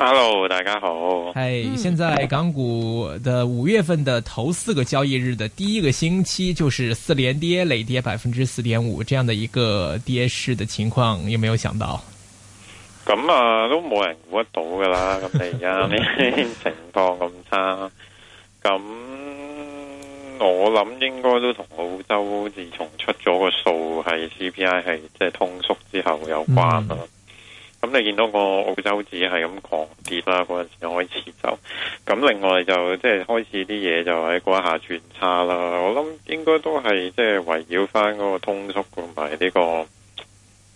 Hello，大家好。唉 Hey,、嗯，現在港股的五月份的頭四個交易日的第一個星期，就是四連跌，累跌百分之四點五，這樣的一個跌勢的情況，有沒有想到？咁、嗯、啊，都冇人估得到噶啦，咁你而家啲情況咁差，咁、 嗯、我諗應該都同澳洲自從出咗個數係 CPI 係即係通縮之後有關啦。嗯咁你見到個澳洲紙係咁狂跌啦，嗰陣時開始就咁，另外就即係開始啲嘢就喺嗰一下轉差啦。我諗應該都係即係圍繞翻嗰個通縮同埋呢個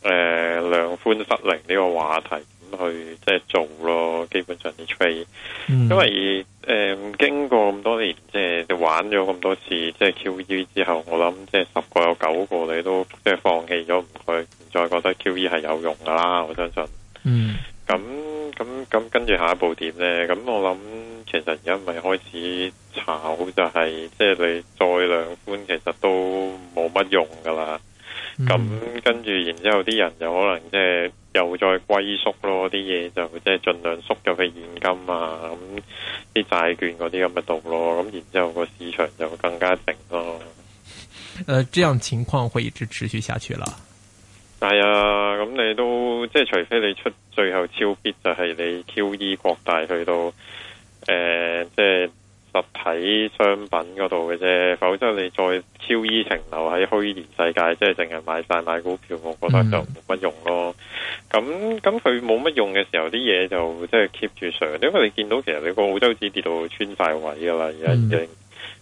誒量寬失靈呢個話題。去即係做咯，基本上你追、嗯，因為誒、呃、經過咁多年即係、呃、玩咗咁多次即係 QE 之後，我諗即係十個有九個你都即係放棄咗唔去，唔再覺得 QE 係有用噶啦，我相信。嗯，咁咁咁跟住下一步點咧？咁我諗其實而家咪開始炒就係、是，即係你再量寬，其實都冇乜用噶啦。咁跟住，嗯、然之後啲人就可能即係又再歸縮咯，啲嘢就即係盡量縮入去現金啊，咁啲債券嗰啲咁咪到咯，咁然之後個市場就更加靜咯。誒，這樣情況會一直持續下去啦。係啊，咁你都即係除非你出最後超必，就係你 QE 擴大去到誒即係。呃就是實體商品嗰度嘅啫，否則你再超衣停留喺虛擬世界，即係淨係買晒買股票，我覺得就冇乜用咯。咁咁佢冇乜用嘅時候，啲嘢就即係 keep 住上。因為你見到其實你個澳洲紙跌到穿晒位噶啦，而家已經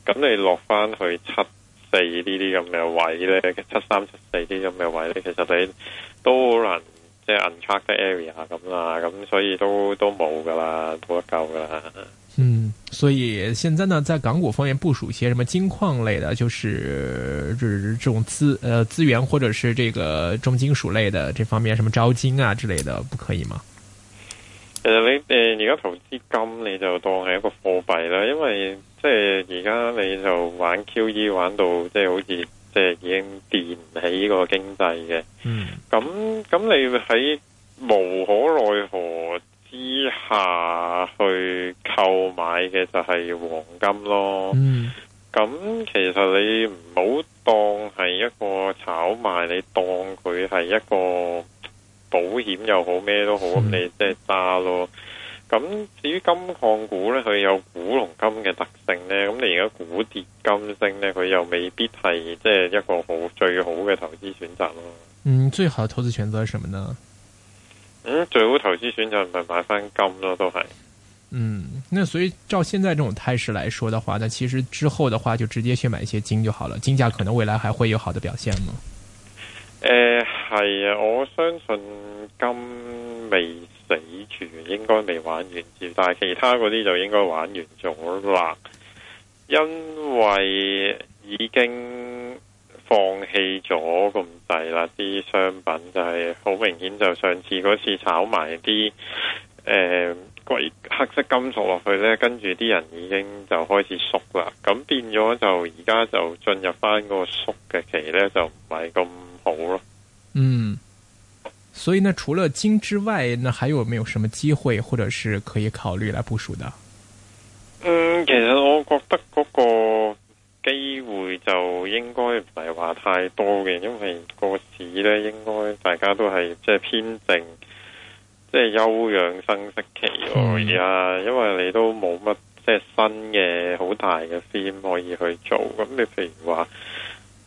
咁、mm hmm. 你落翻去七四這這呢啲咁嘅位咧，七三七四啲咁嘅位咧，其實你都好難即係 uncharted area 咁啦，咁所以都都冇噶啦，冇得救噶啦。嗯，所以現在呢，在港股方面部署一些什麼金礦類的，就是，就是這種資，呃資源，或者是這個重金屬類的這方面，什麼招金啊之類的，不可以嗎？誒，你誒而家投資金，你就當係一個貨幣啦，因為即係而家你就玩 QE 玩到，即係好似即係已經掂起個經濟嘅，嗯，咁咁你喺無可奈何，之下，嗯、去購買嘅就係黃金咯，咁、嗯、其實你唔好當係一個炒賣，你當佢係一個保險又好咩都好，咁你即係揸咯。咁至於金礦股呢，佢有股同金嘅特性呢。咁你而家股跌金升呢，佢又未必係即係一個好最好嘅投資選擇咯。嗯，最好嘅投資選擇係什麼呢？最好投資選擇唔係買翻金咯，都係。嗯，那所以照現在這種態勢來說的話，那其實之後的話就直接去買一些金就好了。金價可能未來還會有好的表現嗎？誒、呃，係啊，我相信金未死住應該未玩完，但係其他嗰啲就應該玩完咗啦，因為已經。放棄咗咁滯啦，啲商品就係、是，好明顯就上次嗰次炒埋啲誒貴黑色金屬落去咧，跟住啲人已經就開始縮啦，咁變咗就而家就進入翻個縮嘅期咧，就唔係咁好咯。嗯，所以呢，除了金之外，呢還有沒有什麼機會，或者是可以考慮來部署的？嗯，其實我覺得嗰、那個。機會就應該唔係話太多嘅，因為個市呢應該大家都係即係偏靜，即係休養生息期咯。呀，因為你都冇乜即係新嘅好大嘅 film 可以去做。咁你譬如話。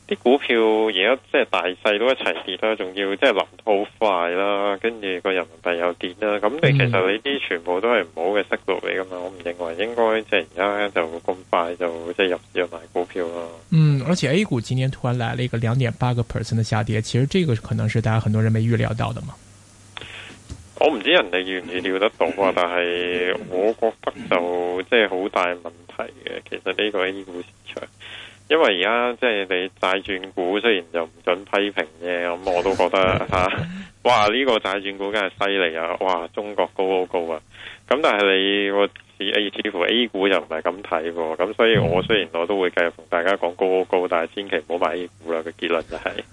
啲股票而家即係大細都一齊跌啦，仲要即係諗得好快啦，跟住個人民幣又跌啦。咁你其實你啲全部都係唔好嘅息路嚟噶嘛？我唔認為應該即係而家就咁快就即係入市去買股票咯。嗯，而且 A 股今天突然嚟了一個兩點八個 percent 嘅下跌，其實這個可能是大家很多人未預料到的嘛。我唔知人哋預唔預料得到啊，但係我覺得就即係好大問題嘅。其實呢個 A 股市場。因為而家即係你債轉股，雖然就唔准批評嘅，咁、嗯、我都覺得吓、啊，哇呢、這個債轉股真係犀利啊！哇，中國高高高啊！咁、嗯、但係你似 A，似乎 A 股又唔係咁睇，咁、嗯、所以我雖然我都會繼續同大家講高高高，但係千祈唔好買 A 股啦個結論就係、是。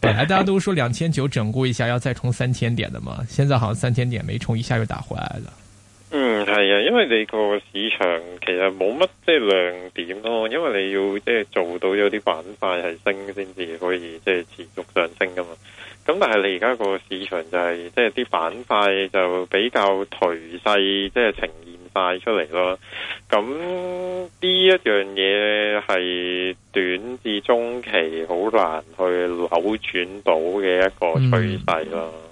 本 來、呃、大家都說兩千九整固一下，要再衝三千點的嘛，現在好像三千點沒衝一下又打回來了。係啊，因為你個市場其實冇乜即係亮點咯，因為你要即係做到有啲板塊係升先至可以即係持續上升噶嘛。咁但係你而家個市場就係、是、即係啲板塊就比較頹勢，即係呈現晒出嚟咯。咁呢一樣嘢係短至中期好難去扭轉到嘅一個趨勢咯。嗯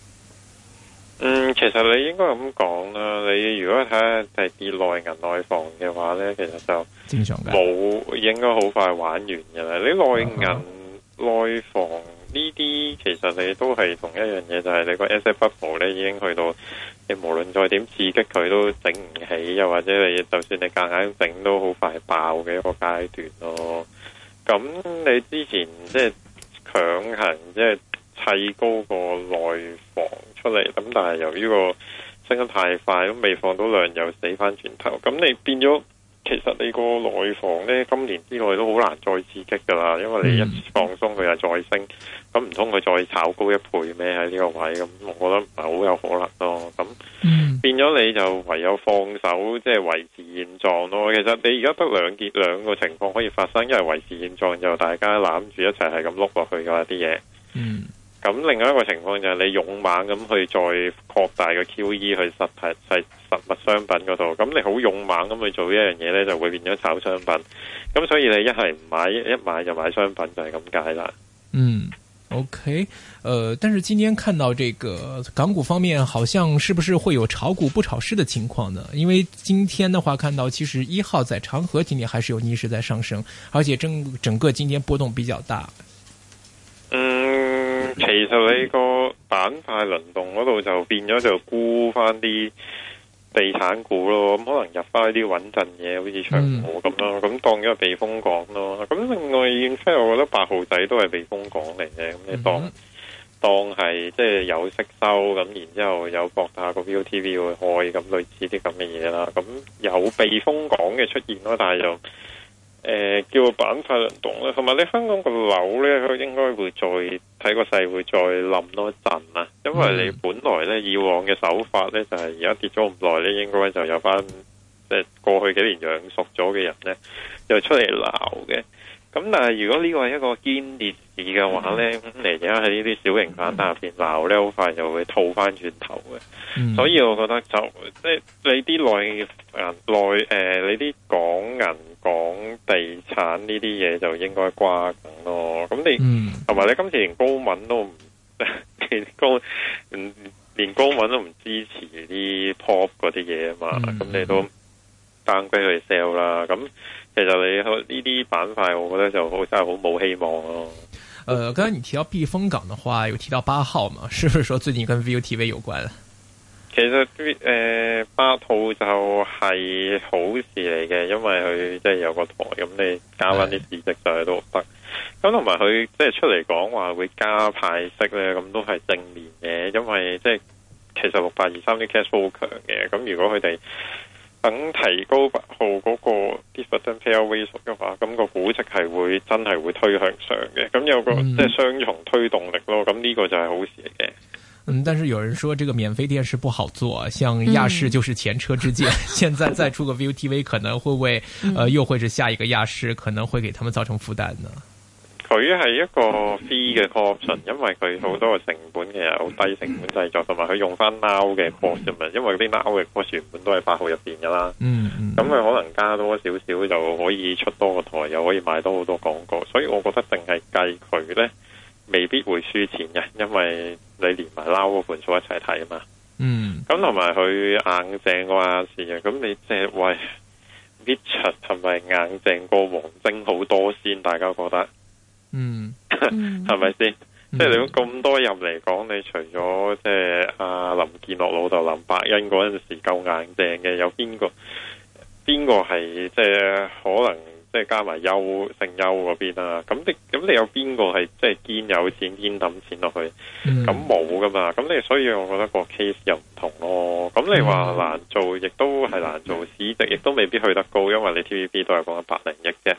嗯，其實你應該咁講啦。你如果睇下第跌內銀內房嘅話呢，其實就冇應該好快玩完嘅啦。你內銀 Okay. 內房呢啲，其實你都係同一樣嘢，就係、是、你個 asset bubble 咧已經去到，你無論再點刺激佢都整唔起，又或者你就算你夾硬整都好快爆嘅一個階段咯。咁你之前即係強行即係。砌高個內房出嚟，咁但係由於個升得太快，咁未放到量又死翻轉頭，咁你變咗其實你個內房呢，今年之內都好難再刺激噶啦，因為你一次放鬆佢又再升，咁唔通佢再炒高一倍咩？喺呢個位咁，我覺得唔係好有可能咯。咁、嗯、變咗你就唯有放手，即、就、係、是、維持現狀咯。其實你而家得兩結兩個情況可以發生，一係維持現狀，就大家攬住一齊係咁碌落去㗎啲嘢。一咁另外一個情況就係你勇猛咁去再擴大個 QE 去實體、實實物商品嗰度，咁你好勇猛咁去做一樣嘢呢，就會變咗炒商品。咁所以你一係唔買，一買就買商品，就係咁解啦。嗯，OK，呃，但是今天看到這個港股方面，好像是不是會有炒股不炒市的情況呢？因為今天的話看到，其實一號在長河今天還是有逆勢在上升，而且整整個今天波動比較大。嗯。其實你個板塊輪動嗰度就變咗就沽翻啲地產股咯，咁可能入翻啲穩陣嘢，好似長和咁咯，咁當咗個避風港咯。咁另外，而且我覺得八號仔都係避風港嚟嘅，咁你當當係即係有息收，咁然之後有博下個 VOTV 會開，咁類似啲咁嘅嘢啦。咁有避風港嘅出現咯，但係就。誒、呃，叫板塊輪動啦，同埋你香港個樓呢，佢應該會再睇個勢，會再冧多一陣啦。因為你本來咧，以往嘅手法呢，就係而家跌咗咁耐呢，應該就有翻即係過去幾年養熟咗嘅人呢，又出嚟鬧嘅。咁但係如果呢個係一個堅烈市嘅話，咁嚟而家喺呢啲、mm hmm. 小型反彈入邊，鬧呢、mm，好、hmm. 快就會套翻轉頭嘅，mm hmm. 所以我覺得就即係你啲內銀內誒，你啲、呃、港銀、港地產呢啲嘢就應該瓜梗咯。咁你同埋、mm hmm. 你今次連高敏都唔 高，連，連高敏都唔支持啲 pop 嗰啲嘢嘛，咁你都單歸去 sell 啦，咁。其實你呢啲板塊，我覺得就好真係好冇希望咯、啊。誒、呃，剛才你提到避風港嘅話，有提到八號嘛？是不是說最近跟 ViuTV 有關？其實誒、呃，八號就係好事嚟嘅，因為佢即係有個台，咁你加翻啲市值上去都得。咁同埋佢即係出嚟講話會加派息咧，咁都係正面嘅，因為即係其實六八二三啲 cash 好強嘅，咁如果佢哋。等提高八號嗰個 distribution payout 嘅話，咁、那個估值係會真係會推向上嘅。咁有個即係雙重推動力咯。咁呢個就係好事嚟嘅。嗯，但是有人說這個免費電視不好做，像亞視就是前車之鑑。嗯、 現在再出個 ViuTV，可能會不會，呃，又會是下一個亞視，可能會給他們造成負擔呢？佢係一個 free 嘅 option，因為佢好多個成本其實好低，成本製作同埋佢用翻 now 嘅 option 因為啲 now 嘅 option 原本都係八號入邊噶啦。嗯咁佢可能加多少少就可以出多個台，又可以賣多好多廣告，所以我覺得淨係計佢呢，未必會輸錢嘅，因為你連埋 now 撈嗰盤數一齊睇啊嘛。嗯，咁同埋佢硬淨個話事啊，咁你即係喂，Richard 同埋硬淨過王晶好多先，大家覺得？嗯，係咪先？即係你咁多人嚟講，你除咗即係阿、啊、林建岳老豆林百欣嗰陣時夠硬淨嘅，有邊個？邊個係即係可能？即係加埋優剩優嗰邊啦，咁你咁你有邊個係即係堅有錢堅抌錢落去？咁冇噶嘛，咁你所以我覺得個 case 又唔同咯。咁你話難做，亦都係難做，市值亦、mm. 都未必去得高，因為你 TVB 都係講百零億啫。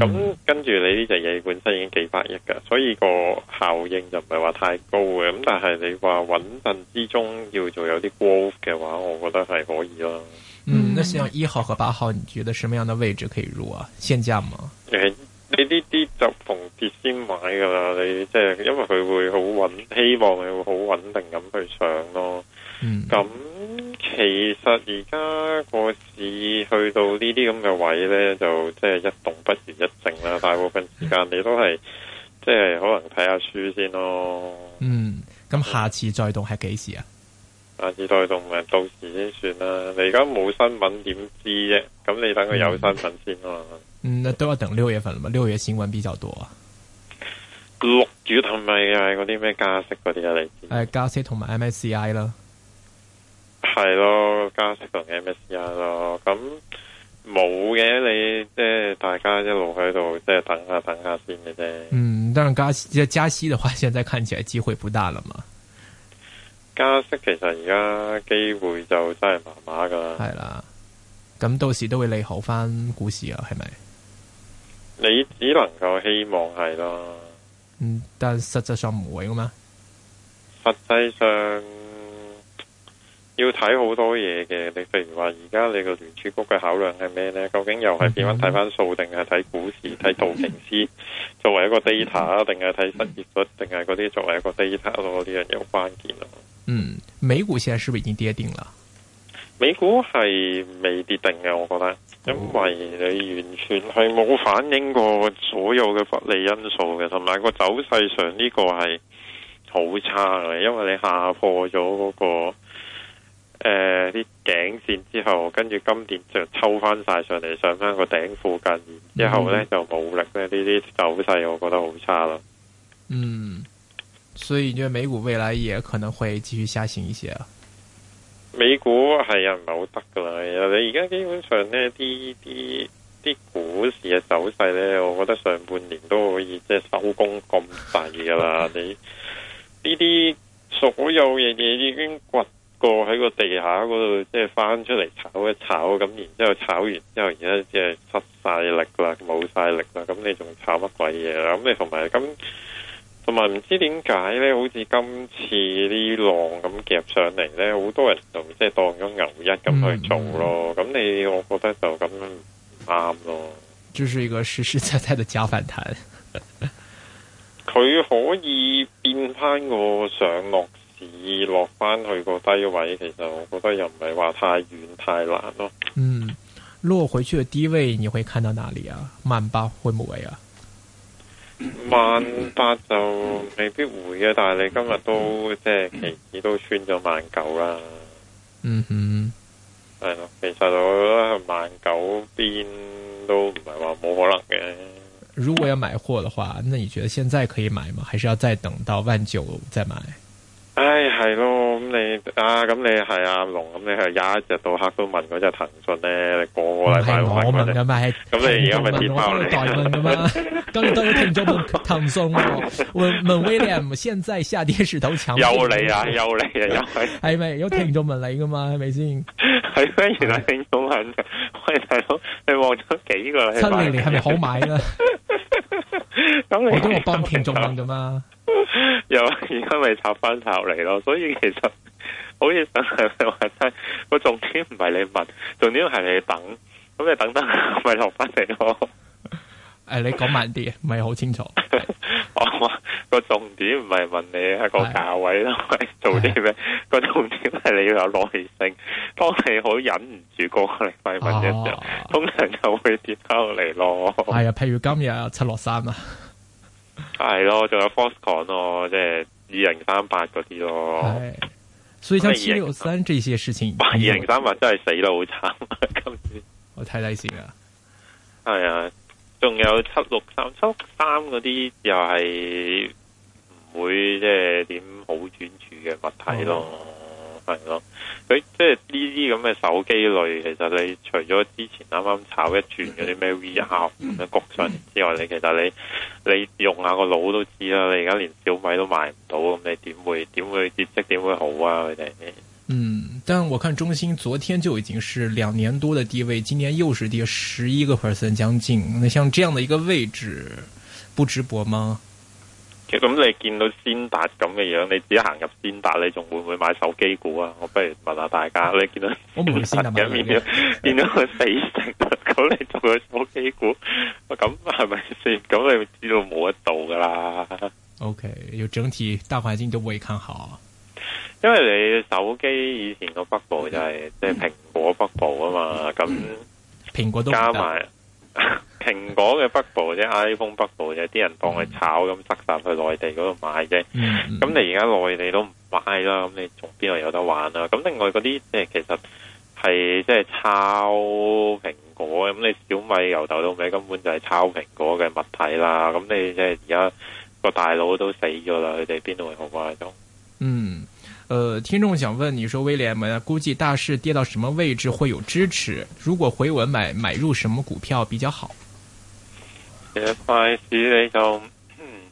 咁、mm. 跟住你呢隻嘢本身已經幾百億嘅，所以個效應就唔係話太高嘅。咁但係你話穩陣之中要做有啲 growth 嘅話，我覺得係可以咯。嗯，那像一號和八號，你覺得什麼樣的位置可以入啊？現價嘛。誒，呢啲就逢跌先買㗎喇，你即係、就是、因為佢會好穩，希望你會好穩定咁去上咯。嗯，咁其實而家個市去到這這呢啲咁嘅位咧，就即係一動不如一靜啦。大部分時間你都係即係可能睇下書先咯。嗯，咁下次再動係幾時啊？下次再同埋到時先算啦。你而家冇新聞點知啫？咁你等佢有新聞先啊。 嗯，都要等六月份啦嘛。六月新聞比較多啊。六月係咪係嗰啲咩加息嗰啲啊？你誒、哎，加息同埋 MSCI 咯。係咯，加息同埋 MSCI 咯。咁冇嘅，你即係大家一路喺度即係等下等下先嘅啫。嗯，但係加息加息嘅話，現在看起來機會不大啦嘛。加息其實而家機會就真係麻麻噶，係啦，咁到時都會利好翻股市啊？係咪？你只能夠希望係咯，嗯，但實際上唔會噶嘛？實際上。要睇好多嘢嘅，你譬如話而家你個聯儲局嘅考量係咩呢？究竟又係點樣睇翻數定係睇股市、睇道瓊斯作為一個 data 啊，定係睇失業率，定係嗰啲作為一個 data 咯？呢樣好關鍵咯。嗯，美股現在是不是已經跌定啦？美股係未跌定嘅，我覺得，因為你完全係冇反映過所有嘅不利因素嘅，同埋個走勢上呢個係好差嘅，因為你下破咗嗰個。誒、啲頸、呃、線之後，跟住今年就抽翻晒上嚟，上翻個頂附近，之後咧就冇力咧。呢啲走勢，我覺得好差咯。嗯，所以就美股未來也可能會繼續下行一些啊？美股係啊，唔係好得噶啦。你而家基本上呢啲啲啲股市嘅走勢咧，我覺得上半年都可以即係、就是、收工咁低噶啦。 你呢啲所有嘢嘢已經掘。個喺個地下嗰度，即係翻出嚟，炒一炒，咁然之後炒完之後而家即係失晒力啦，冇晒力啦，咁你仲炒乜鬼嘢啦？咁你同埋咁，同埋唔知點解呢，好似今次啲浪咁夾上嚟呢，好多人就即係當咗牛一咁去做咯。咁、嗯、你我覺得就咁唔啱咯，就係一個實實在在嘅假反彈，佢 可以變翻個上落。跌落翻去個低位，其實我覺得又唔係話太遠太難咯。嗯，落回去嘅低位你會看到哪裡啊？萬八會唔會啊？萬八就未必會嘅，但係你今日都即係期指都穿咗萬九啦。嗯哼，係咯，其實我諗萬九邊都唔係話冇可能嘅。如果要買貨嘅話，那你覺得現在可以買嗎？還是要再等到萬九再買？唉，係咯，咁你啊，咁你係阿龍，咁你係一日到黑都問嗰隻騰訊咧，個個禮拜都問佢哋。唔係我問噶嘛，咁你而家咪點啊？代問噶嘛，咁你都有聽眾問騰訊，問問 William，現在下跌勢頭強唔強？又嚟啊，又嚟啊，係咪？係咪如果聽眾問你噶嘛？係咪先？係咩？原來聽眾問嘅，喂大佬，你望咗幾個禮拜？今年係咪好買啊？咁你我都幫聽眾問噶嘛？又而家咪插翻插嚟咯，所以其實好似上係咪話齋，個重點唔係你問，重點係你等，咁你等得咪落翻嚟咯？誒、哎，你講慢啲，唔係好清楚。我個、 哦、重點唔係問你一個價位啦，係的的做啲咩？個重點係你要有耐性，當你好忍唔住過嚟問嘅時候，啊、通常就會跌翻落嚟咯。係啊、哎，譬如今日七六三啊。 係咯，仲、 哦、有 Foxconn、就是、咯，即係二零三八嗰啲咯。所以像七六三這些事情，二零三八真係死得好慘。今次我睇睇先啊。係啊，仲有七六三、七六三嗰啲又係唔會即係點好轉處嘅物體咯。係咯，佢即係呢啲咁嘅手機類，其實你除咗之前啱啱炒一轉嗰啲咩 VIVO、谷上信之外，你其實你你用下個腦都知啦。你而家連小米都賣唔到，咁你點會點會業績點會好啊佢哋？嗯，但係我看中興昨天就已經是兩年多嘅低位，今年又是跌十一個 percent 將近。那像這樣的一個位置，不直播嗎？咁你見到先達咁嘅樣，你自己行入先達，你仲會唔會買手機股啊？我不如問下大家，你見到我唔識入面，見到佢死神咁，你做個手機股咁係咪先？咁你知道冇得到噶啦。OK，要整體大環境都未看好，因為你手機以前個北部就係即係蘋果北部啊嘛，咁蘋果都加埋上。 蘋果嘅北部啫，iPhone 北部就啲人當佢炒咁執實去內地嗰度買啫。咁你而家內地都唔買啦，咁你仲邊度有得玩啦？咁另外嗰啲即係其實係即係抄蘋果。咁你小米由頭到尾根本就係抄蘋果嘅物體啦。咁你即係而家個大佬都死咗啦，佢哋邊度會好過？咁嗯，誒、呃，聽眾想問，你說威廉，估計大市跌到什麼位置會有支持？如果回穩買買入什麼股票比較好？快市、嗯、你就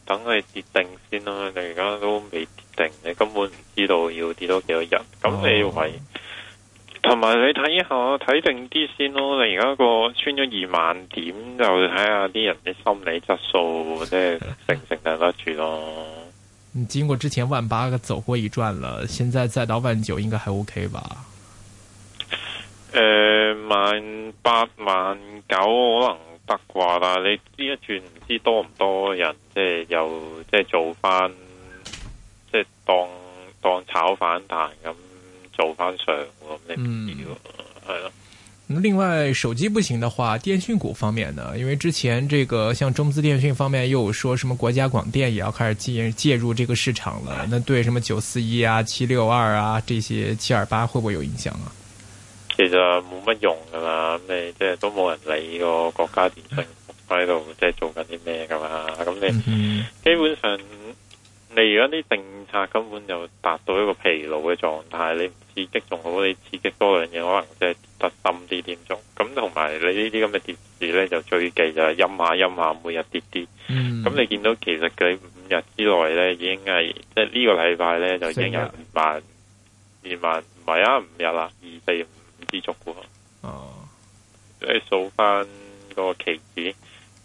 等佢跌定先啦，你而家都未跌定，你根本唔知道要跌到幾多日。咁你同埋你睇下睇定啲先咯，你而家個穿咗二萬點就睇下啲人嘅心理質素，即係承唔承得得住咯。嗯，經過之前萬八個走過一轉了，現在再到萬九應該還 OK 吧？誒、呃，萬八萬九可能。八卦啦，你呢一轉唔知多唔多人，即係又即係做翻，即係當當炒反彈咁做翻上，我諗呢。嗯，係咯。另外，手機不行的話，電訊股方面呢？因為之前這個，像中資電訊方面，又有說什麼國家廣電也要開始進介入這個市場了，那對什麼九四一啊、七六二啊這些七二八會不會有影響啊？其實冇乜用噶啦，咁你即係都冇人理個國家電信喺度即係做緊啲咩噶嘛，咁、mm hmm. 你基本上你而家啲政策根本就達到一個疲勞嘅狀態，你唔刺激仲好，你刺激多樣嘢可能就特甚啲嚴重，咁同埋你呢啲咁嘅跌市咧就最忌就係、是、陰下陰下，每日跌跌，咁、mm hmm. 你見到其實佢五日之內咧已經係即係呢個禮拜咧就已經有二萬二萬唔係啊五日啦二四。2, 4, 唔知足嘅哦，oh. 你數翻個期指，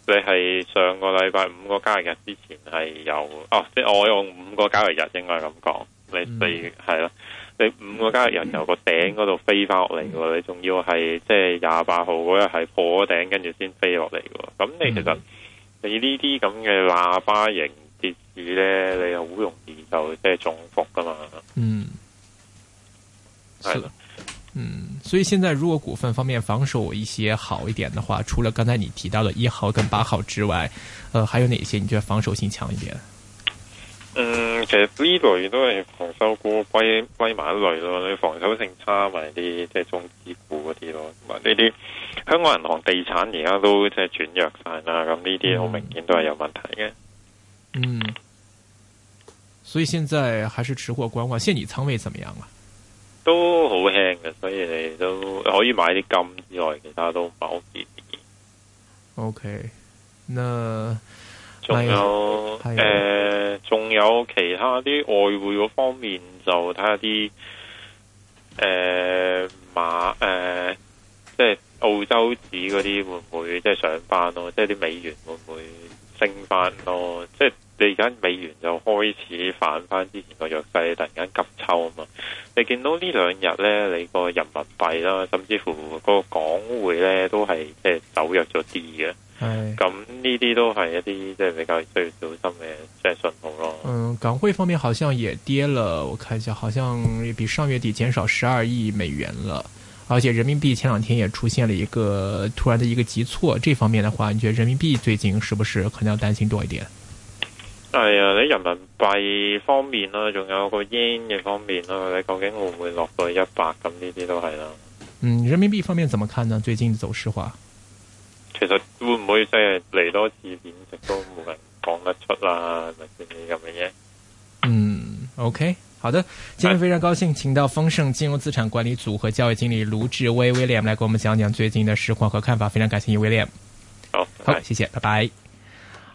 你係上個禮拜五個交易日之前係有。哦，即係我用五個交易日應該係咁講，你係咯、mm hmm.，你五個交易日由個頂嗰度飛翻落嚟嘅，mm hmm. 你仲要係即係廿八號嗰日係破咗頂跟住先飛落嚟嘅，咁你其實、mm hmm. 你呢啲咁嘅喇叭型跌市咧，你好容易就即係中伏噶嘛，嗯、mm，係、hmm. 咯。嗯，所以現在如果股份方面防守一些好一點的話，除了剛才你提到的一號跟八號之外，呃，還有哪些你覺得防守性強一點？嗯，其實呢類都係防守股歸歸埋一類咯，你防守性差埋啲即係中資股嗰啲咯，咁啊呢啲香港銀行地產而家都即係轉弱晒啦，咁呢啲好明顯都係有問題嘅。嗯，所以現在還是持貨觀望，現你倉位怎麼樣啊？都好輕嘅，所以你都可以買啲金之外，其他都唔係好建議。O、okay. K，那仲有誒，仲的、呃、有其他啲外匯嗰方面，就睇下啲誒馬誒、呃，即係澳洲紙嗰啲會唔會即係上班咯？即係啲美元會唔會升翻咯？即係你而家美元就開始反翻之前個弱勢，突然間急。你見到呢兩日呢，你個人民幣啦，甚至乎個港匯呢，都係即係走弱咗啲嘅。係、哎，咁呢啲都係一啲即係比較需要小心嘅，即係信號咯。嗯，港匯方面好像也跌了，我看一下，好像比上月底減少十二億美元了。而且人民幣前兩天也出現了一個突然的一個急挫，這方面的話，你覺得人民幣最近是不是可能要擔心多一點？係啊、哎，你人民幣方面啦、啊，仲有個 yen 嘅方面啦、啊，你究竟會唔會落到一百咁？呢啲都係啦。嗯，人民幣方面怎麼看呢？最近走勢話，其實會唔會真係嚟多次貶值都冇人講得出啦，或者啲咁嘅嘢。嗯，OK，好的。今天非常高興，請到豐盛金融資產管理組合交易經理盧志威 William 來跟我們講講最近嘅實況和看法。非常感謝你，William。好好，謝謝，拜拜。